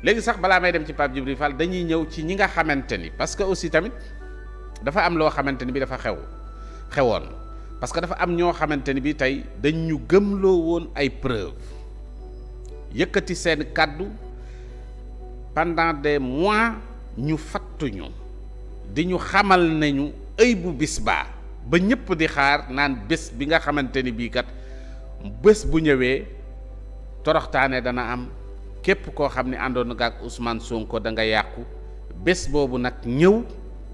léegi sax balaa may dem ci Pape Djibril fal dañuy ñëw ci ñi nga xamante ni parce que aussi tamit dafa am loo xamante ni bi dafa xew xewoon parce que dafa am ñoo xamante ni bi tey dañ ñu gëmloo woon ay preuve yëkkati seen kàddu pendant de mois ñu fattuñu di ñu xamal nañu ëy bu bis baa ba ñëpp di xaar naan bés bi nga xamante ni bii kat bés bu ñëwee toroxtaanee dana am képp koo xam ne àndoon na ak Ousmane Sonko da nga yàqu bés boobu nag ñëw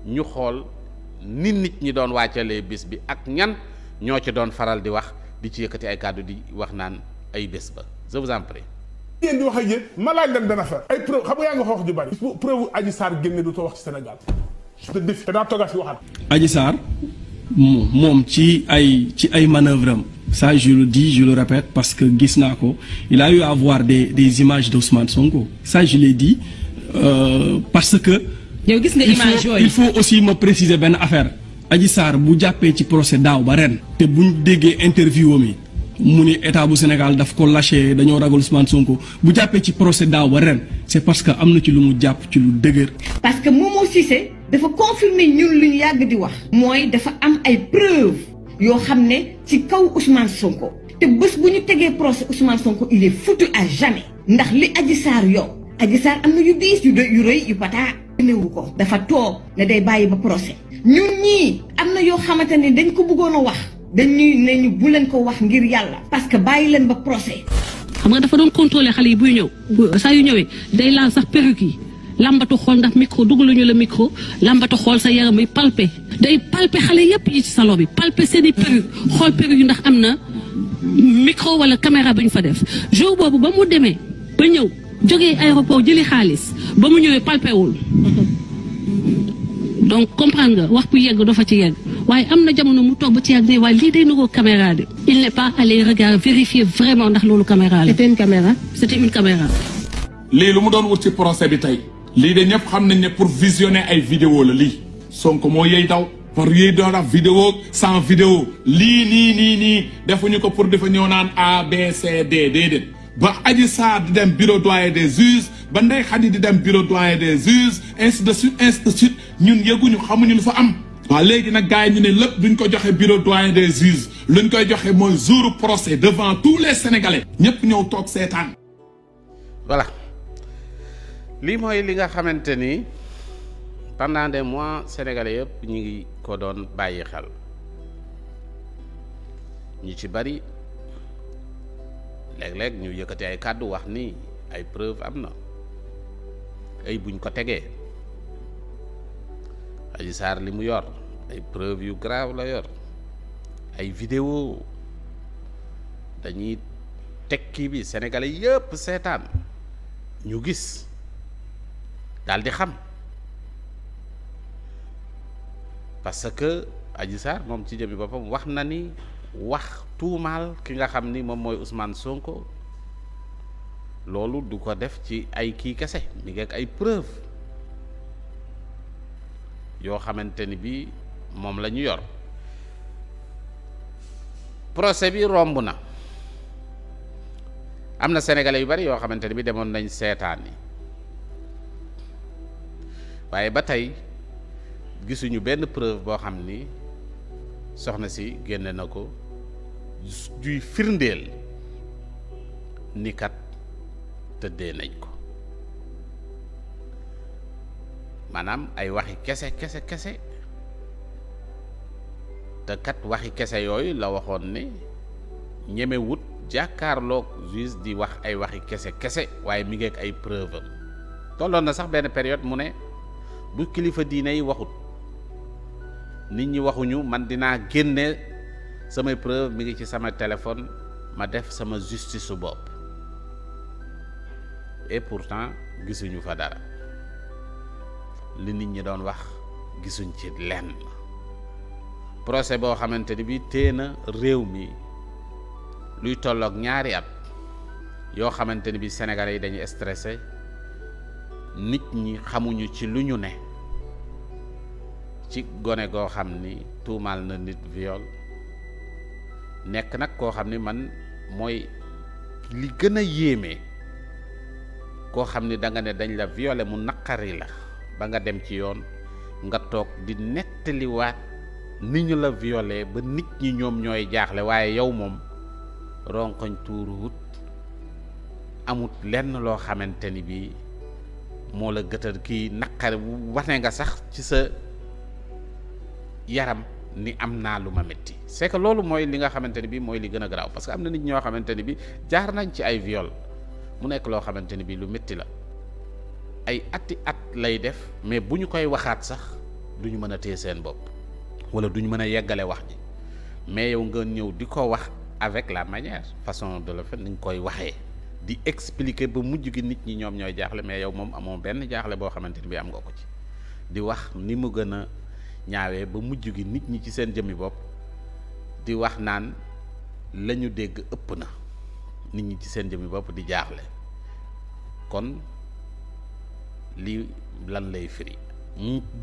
ñu xool ni nit ñi doon waajalee bés bi ak ñan ñoo ci doon faral di wax di ci yëkkati ay kàddu di wax naan ay bés ba je vous en prie. di wax ak yéen ma laaj leen dana fa ay preuve xam nga yaa ngi wax ju bari. preuve Adji Sarr génne du too wax ci Sénégal su te si waxaat. Adji Sarr moom ci ay ci ay manœuvre am Ça, je le dis, je le répète, parce que Gisnako, il a eu à voir des, des images d'Ousmane Sonko. Ça, je di dit, euh, parce que il faut, il faut aussi ma préciser benn affaire. aji Sarr bu jàppee ci procès daaw ba ren. te buñ déggee interview mi mu ni état bu Sénégal daf ko lâché dañoo ragal Ousmane Sonko bu jàppee ci procès daaw ba ren c'est parce que am na ci lu mu jàpp ci lu dëgër. parce que Momo Cissé dafa confirmer ñun lu yàgg di wax. mooy dafa am ay preuves. yoo xam ne ci kaw Ousmane Sonko te bés bu ñu tegee procès Ousmane Sonko il est foutu à jamais ndax li Adji Sarr yow Adji Sarr am na yu diis yu yu rëy yu pataa néewu ko dafa toog ne day bàyyi ba procès ñun ñii am na yoo xamante ne dañ ko bëggoon a wax dañuy ne ñu bu leen ko wax ngir yàlla parce que bàyyi leen ba procès xam nga dafa doon contrôler xale yi buy ñëw saa yu ñëwee day laal sax perruque yi làmbatu xool ndax micro dugaluñu la micro làmbatu xool sa yaram yi palpe day palpé xale yépp yi ci salo bi palpé seen i xool perruque yu ndax am na micro wala caméra bu ñu fa def jour boobu ba mu demee ba ñëw jógee aéroport jëli xaalis ba mu ñëwee palpé wul donc comprendre nga wax bu yegg dafa ci yegg waaye am na jamono mu toog ba ci yàgg ne waaye lii day nuroo caméra de il n'est pas allé regarder vérifier vraiment ndax loolu caméra la. c'était une caméra. lii lu mu doon wut ci procès lii de ñëpp xam nañ ne pour visionner ay vidéo la lii Sonko moo yey daw par yey daw daf vidéo sans vidéo lii nii nii nii defuñu ko pour dafa ñëw naan A B C D déedéet ba Adji Sarr di dem bureau doyen des juges ba Ndeye Khady di dem bureau doyen des juges ainsi de suite ainsi de ñun yëguñu xamuñu lu fa am waa léegi nag gars yi ñu ne lépp duñ ko joxe bureau doyen des juges luñ koy joxe mooy jour procès devant tous les sénégalais ñëpp ñëw toog seetaan lii mooy li nga xamante ni pendant mois sénégalais yëpp ñu ngi ko doon bàyyi xel ñu ci bari léeg-léeg ñu yëkkati ay kàddu wax ni ay preuve am na ay buñ ko tegee Adji Sarr li mu yor ay preuve yu grave la yor ay vidéo dañuy tekki bi sénégalais yëpp seetaan ñu gis daal di xam parce que Adji Sarr moom ci jëmmi boppam wax na ni wax tuumaal ki nga xam ni moom mooy Ousmane Sonko loolu du ko def ci ay kii kese mi ngi ak ay preuve yoo xamante ni bi moom la ñu yor procès bi romb na am na sénégalais yu bari yoo xamante ni bi demoon nañ seetaan yi waaye ba tey gisuñu benn preuve boo xam ni soxna si génne na ko juy firndeel ni kat tëddee nañ ko maanaam ay waxi kese kese kese te kat waxi kese yooyu la waxoon ne ñemewut jàkkaarloog juge di wax ay waxi kese kese waaye mi ngeek ay preuve tolloon na sax benn période mu ne bu kilifa diine yi waxut nit ñi waxuñu man dinaa génne samay preuve mi ngi ci sama téléphone ma def sama justice su bopp et pourtant gisuñu fa dara li nit ñi doon wax gisuñ ci lenn procès boo xamante ni bi téye na réew mi luy tollook ñaari at yoo xamante ni bi Sénégalais yi dañu stressé nit ñi xamuñu ci lu ñu ne ci gone goo xam ni tuumaal na nit viol nekk nag koo xam ni man mooy li gën a yéeme koo xam ni danga ne dañ la viole mu naqari la ba nga dem ci yoon nga toog di nettaliwaat ni ñu la viole ba nit ñi ñoom ñooy jaaxle waaye yow moom ronkoñ tuuruwut amut lenn loo xamante ni bii moo la gëtër kii naqari wane nga sax ci sa yaram ni am naa lu ma métti c'est que loolu mooy li nga xamante ni bi mooy li gën a garaaw parce que am na nit ñoo xamante ni bi jaar nañ ci ay viol mu nekk loo xamante ni bi lu métti la ay atti at lay def mais bu ñu koy waxaat sax du ñu mën a téye seen bopp wala du ñu mën a yeggale wax ji mais yow nga ñëw di ko wax avec la manière façon de le faire ni koy waxee di expliquer ba mujj gi nit ñi ñoom ñooy jaaxle mais yow moom amoon benn jaaxle boo xamante ni bi am nga ko ci ñaawee ba mujj gi nit ñi ci seen jëmmi bopp di wax naan lañu dégg ëpp na nit ñi ci seen jëmmi bopp di jaaxle kon li lan lay firi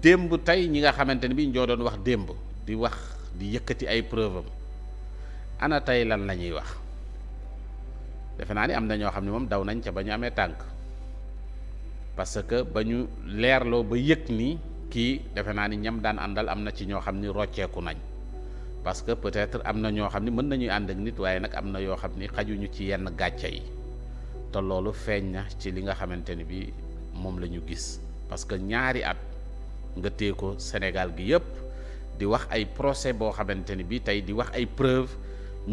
démb tey ñi nga xamante ni bi ñoo doon wax démb di wax di yëkkati ay preuve am ana tey lan lañuy wax defe naa ni am na xam ne moom daw nañ ca ba ñu amee tànk parce que ba ñu leerloo ba yëkk nii kii defe naa ni ñam daan àndal am na ci ñoo xam ni rocceeku nañ parce que peut-être am na ñoo xam ni mën nañuy ànd ak nit waaye nag am na yoo xam ni xajuñu ci yenn gàcce yi te loolu feeñ na ci li nga xamante ni bi moom la ñu gis parce que ñaari at nga téye ko Sénégal gi yëpp di wax ay procès boo xamante ni bi tey di wax ay preuve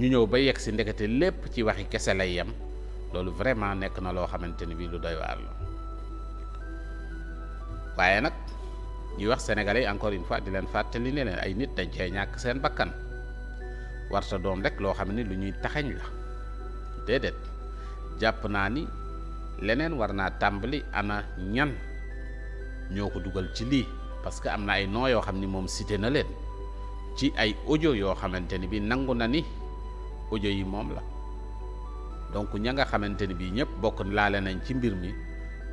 ñu ñëw ba yegg si ndekete lépp ci waxi kese lay yem loolu vraiment nekk na loo xamante ni bi lu doy waar la waaye nag ñuy wax sénégalais encore une fois di leen fàttali ne leen ay nit dañ cee ñàkk seen bakkan warta doom rek loo xam ne lu ñuy taxañ la déedéet jàpp naa ni leneen war naa tàmbali ana ñan ñoo ko dugal ci lii parce que am na ay noo yoo xam ni moom cité na leen ci ay audio yoo xamante ni bi nangu na ni audio yi moom la donc ña nga xamante ni bii ñëpp bokk laale nañ ci mbir mi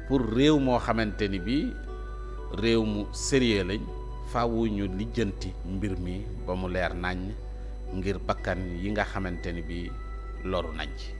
pour réew moo xamante ni bi réew mu sérieux lañ faawu lijjanti mbir mi ba mu leer nañ ngir bakkan yi nga xamante ni bi loru nañ ci